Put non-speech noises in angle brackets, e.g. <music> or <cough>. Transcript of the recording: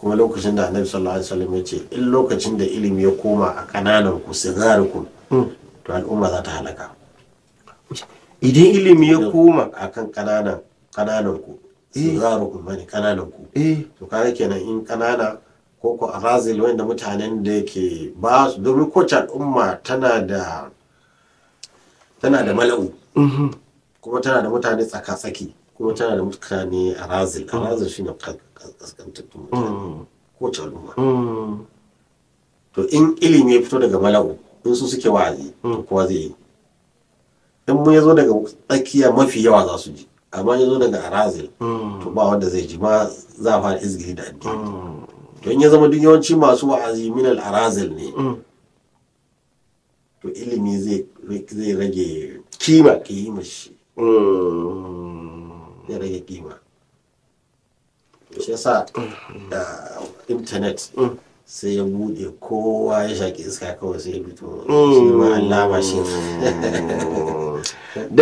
kuma lokacin da annabi sallallahu alaihi wasallam ya ce in lokacin da ilimi ya koma a kananan ku sigarukum hmm. to al'umma za ta halaka idan ilimi ya koma kan kananan kananan ku eh. sigarukum bane kananan ku eh. to kaga kenan in kanana ko ko arazil wanda mutanen da yake ba su domin kowace al'umma tana da tana da eh. mala'u mhm. kuma tana da mutane tsaka-tsaki kuma tana da mutane a razil a razil shi ne kaskantattun mutane mm. ko al'umma mm. to in ilimi ya fito daga mala'u in su suke wa'azi to mm. kowa zai yi in mu ya zo daga tsakiya mafi yawa za su ji amma ya zo daga arazil to ba wanda zai ji ma za a fara izgiri da addini to in ya zama duk yawanci masu wa'azi minal arazil ne to ilimi zai rage kima kima shi ya rage kima shi yasa da intanet mm. sai ya bude kowa ya shaƙi iska kawai sai ya fito mm. shi ma allama shi mm. <laughs>